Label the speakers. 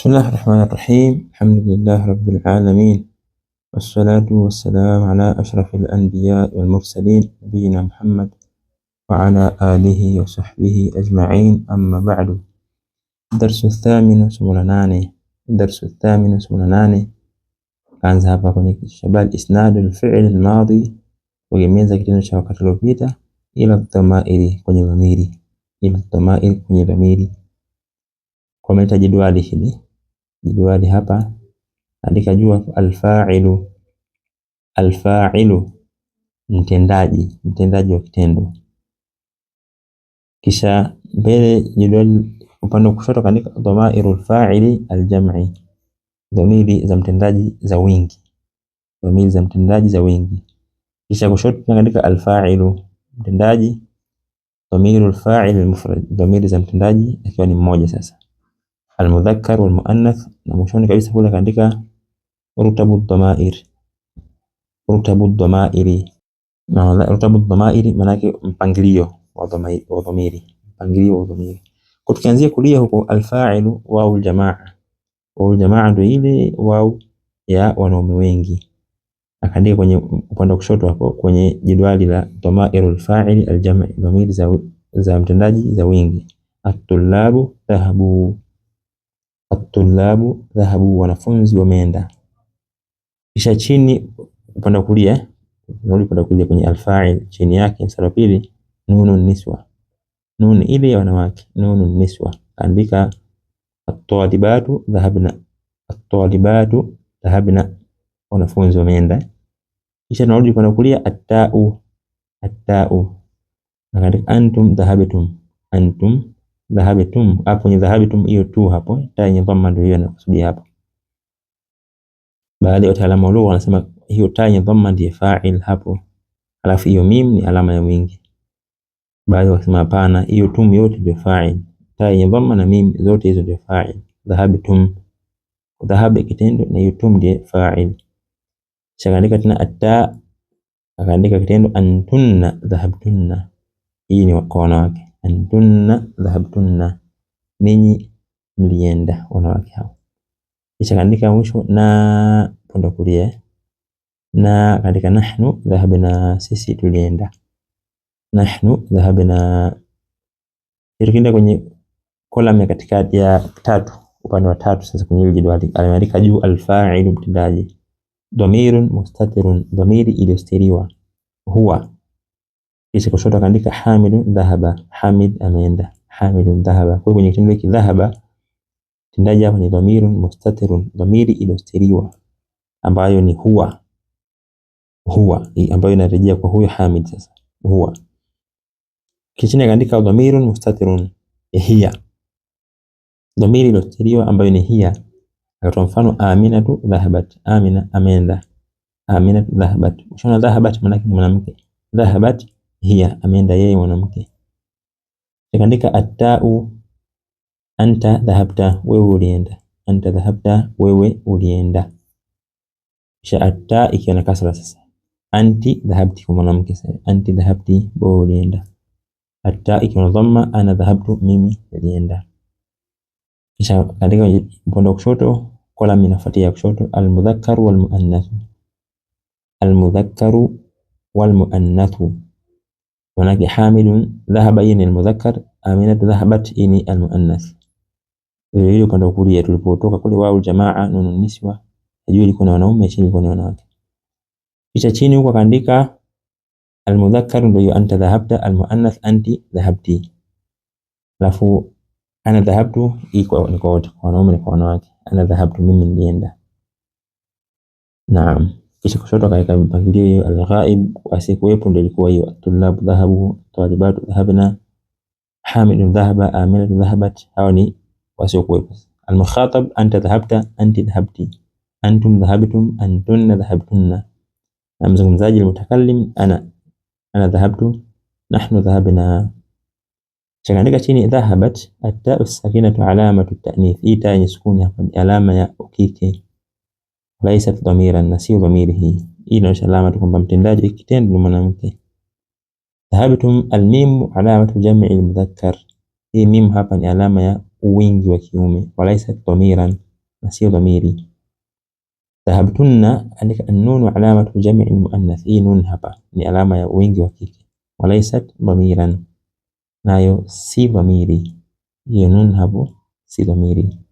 Speaker 1: بسم الله الرحمن الرحيم الحمد لله رب العالمين والصلاة والسلام على أشرف الأنبياء والمرسلين نبينا محمد وعلى آله وصحبه أجمعين أما بعد الدرس الثامن سمولاناني الدرس الثامن سمولاناني كان ذهب كونيك الشباب إسناد الفعل الماضي kuegemeza kitendo cha wakati إلى الضمائر كن kwenye إلى الضمائر كن kwenye dhamiri kwa meta hili jedwali hapa, andika jua alfa'ilu, alfa'ilu mtendaji, mtendaji wa kitendo. Kisha mbele jedwali upande wa kushoto kaandika dhamirul fa'ili aljam'i, dhamiri za mtendaji za wingi, dhamiri za mtendaji za wingi. Kisha kushoto kaandika alfa'ilu mtendaji, dhamirul fa'il almufrad, dhamiri za mtendaji akiwa ni mmoja sasa almudhakkar wal muannath, na mwishoni kabisa kule kaandika rutabu dhamair, rutabu dhamairi, rutabu dhamairi maana yake mpangilio wa dhamiri, mpangilio wa dhamiri. Kwa tukianzia kulia huko, alfa'ilu wau aljamaa, wau aljamaa ndio ile wau ya wanaume wengi akaandika kwenye upande wa kushoto hapo kwenye jedwali la dhamairul fa'ili aljam'i, dhamiri za, za mtendaji za wingi. Atulabu dhahabu tullabu dhahabu, wanafunzi wameenda. Kisha chini upande wa kulia, ndio upande wa kulia kwenye alfa'il, chini yake mstari wa pili, nunu niswa, nunu ile ya wanawake, nunu niswa. Andika atwalibatu dhahabna, atwalibatu dhahabna, wanafunzi wameenda. Kisha tunarudi upande wa kulia, atta'u, atta'u, at antum dhahabtum, antum dhahabitum hapo ah, ni dhahabitum hiyo tu hapo ta nyadhamma ndio hiyo nakusudia hapo. Baadhi ya wataalamu wa lugha wanasema hiyo ta nyadhamma ndiye fa'il hapo, alafu hiyo mim ni alama ya mwingi. Baadhi wasema hapana, hiyo tum yote ndio fa'il, ta nyadhamma na mim zote hizo ndio fa'il. Dhahabitum, dhahabi kitendo na hiyo tum ndiye fa'il. Shakaandika tena atta, akaandika kitendo antunna dhahabtunna, hii ni kwa wanawake antunna dhahabtunna, ninyi mlienda, wanawake hao. Kisha kaandika mwisho na punda kulia, na kaandika nahnu dhahabna, sisi tulienda. Nahnu dhahabna irkinda kwenye kolam ya katikati ya tatu, upande wa tatu. Sasa kwenye hili jedwali aliandika juu alfailu mtendaji, dhamirun mustatirun, dhamiri iliyostiriwa, huwa kisha kushoto akaandika hamid dhahaba, Hamid ameenda, hamid dhahaba. Kwa kwenye kitendo hiki dhahaba tendaji hapa ni dhamirun mustatir, dhamiri iliyostiriwa ambayo ni huwa, huwa ambayo inarejea kwa huyo Hamid. Sasa huwa kichini akaandika dhamirun mustatir hiya, dhamiri iliyostiriwa ambayo ni hiya. Akatoa mfano Aminatu dhahabat, Amina ameenda, Aminatu dhahabat. Ushaona dhahabat maana yake mwanamke dhahabat hiya, ameenda yeye mwanamke. Akaandika atau, anta dhahabta, wewe ulienda. Anta dhahabta, wewe ulienda. Kisha atta ikiwa na kasra sasa. Anti dhahabti kwa mwanamke sasa. Anti dhahabti, wewe ulienda. Atta ikiwa na dhamma, ana dhahabtu, mimi nilienda. Kisha kaandika upande wa kushoto kolamu inafuatia ya kushoto almudhakkaru walmuannathu, almudhakkaru walmuannathu Manake hamidun dhahaba, hii ni almudhakkar. Aminat dhahabat, hii ni almuannath. Ile ile upande wa kulia tulipotoka kule, wao jamaa, nunun niswa, juu ilikuwa ni wanaume, chini ilikuwa ni wanawake. Kisha chini huko akaandika almudhakkar, ndio anta dhahabta, almuannath anti dhahabti, alafu ana dhahabtu iko ni kwa wote, wanaume kwa wanawake. Ana dhahabtu, mimi Naam. Kisha kushoto katika mpangilio hiyo alghaib asiyekuwepo ndio ilikuwa hiyo. Tullabu dhahabu, talibatu dhahabna, hamidun dhahaba, aminatu dhahabat. Hao ni wasiokuwepo. Almukhatab anta dhahabta, anti dhahabti, antum dhahabtum, antunna dhahabtunna. Na mzungumzaji almutakallim ana, ana dhahabtu, nahnu dhahabna. Chakaandika chini dhahabat, attau sakinatu alamatu ta'nith, ita yenye sukuni hapa ni alama ya ukike laisa dhamira, na sio dhamiri hii. Hii inaonyesha alama kwamba mtendaji kitendo ni mwanamke. Dhahabtum, almim alamatu jam'i almudhakkar, hii mim hapa ni alama ya wingi wa kiume. Wa laisa dhamiran, na sio dhamiri. Dhahabtunna, alika annun alamatu jam'i almuannath, hii nun hapa ni alama ya wingi wa kike. laisa dhamiran, nayo si dhamiri. Hii nun hapo si dhamiri.